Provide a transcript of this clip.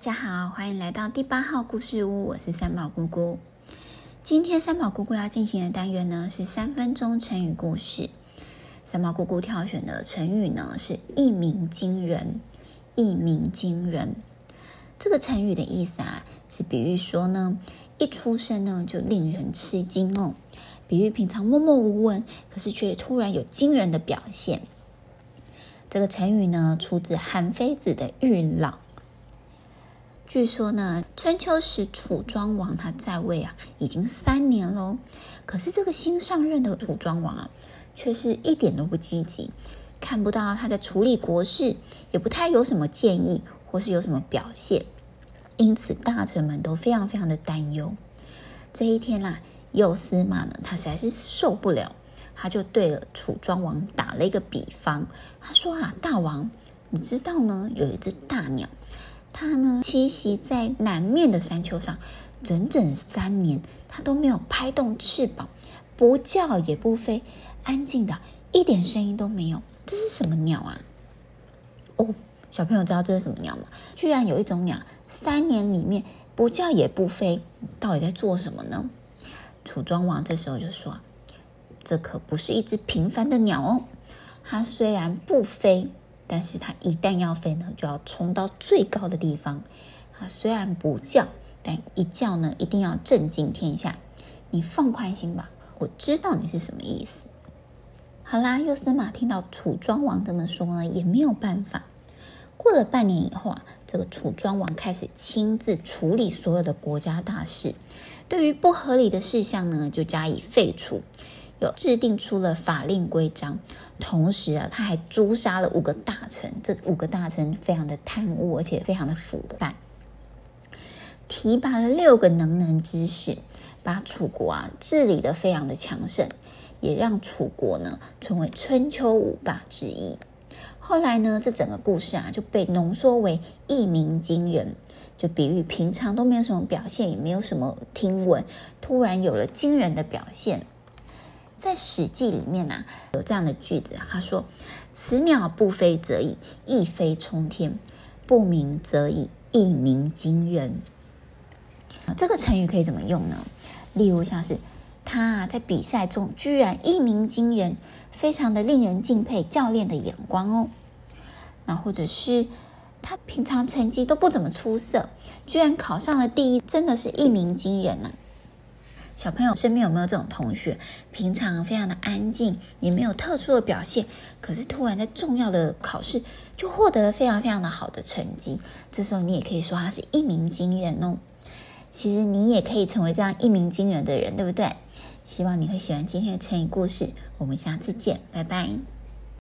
大家好，歡迎來到第八號故事屋。我是三毛姑姑。今天三毛姑姑要進行的單元呢，是三分鐘成語故事。三毛姑姑挑選的成語呢，是一鳴驚人。一鳴驚人這個成語的意思啊，是比喻說呢，一出聲呢就令人吃驚哦。比喻平常默默無聞，可是卻突然有驚人的表現。這個成語呢，出自韓非子的喻老。據說呢，春秋時楚莊王他在位啊，已經三年嘍。可是這個新上任的楚莊王啊，卻是一點都不積極，看不到他在處理國事，也不太有什麼建議或是有什麼表現。因此，大臣們都非常非常的擔憂。這一天啊，右司馬呢，他實在是受不了，他就對了楚莊王打了一個比方，他說啊，大王，你知道呢，有一只大鳥。它呢，棲息在南面的山丘上，整整三年，它都沒有拍動翅膀，不叫也不飛，安靜的，一點聲音都沒有。這是什麼鳥啊？哦，小朋友知道這是什麼鳥嗎？居然有一種鳥，三年裡面不叫也不飛，到底在做什麼呢？楚莊王這時候就說：“這可不是一隻平凡的鳥哦，它雖然不飛。”但是它一旦要飛呢，就要衝到最高的地方。它啊，雖然不叫，但一叫呢，一定要震驚天下。你放寬心吧，我知道你是什麼意思。好啦，右司馬聽到楚莊王這麼說呢，也沒有辦法。過了半年以後啊，這個楚莊王開始親自處理所有的國家大事，對於不合理的事項呢，就加以廢除。有制定出了法令規章，同時啊，他還誅殺了五個大臣。這五個大臣非常的貪污，而且非常的腐敗。提拔了六個能人之士，把楚國啊治理得非常的強盛，也讓楚國呢成為春秋五霸之一。後來呢，這整個故事啊就被濃縮為一鳴驚人，就比喻平常都沒有什麼表現，也沒有什麼聽聞，突然有了驚人的表現。在《史記》裡面呢、啊，有這樣的句子，他說：“此鳥不飛則已，一飛衝天；不鳴則已，一鳴驚人。”這個成語可以怎麼用呢？例如像是他在比賽中居然一鳴驚人，非常的令人敬佩教練的眼光哦。那或者是他平常成績都不怎麼出色，居然考上了第一，真的是一鳴驚人啊！小朋友身邊有沒有這種同學？平常非常的安靜，也沒有特殊的表現，可是突然在重要的考試就獲得了非常非常的好的成績，這時候你也可以說他是一鳴驚人哦。其實你也可以成為這樣一鳴驚人的人，對不對？希望你會喜歡今天的成語故事，我們下次見，拜拜。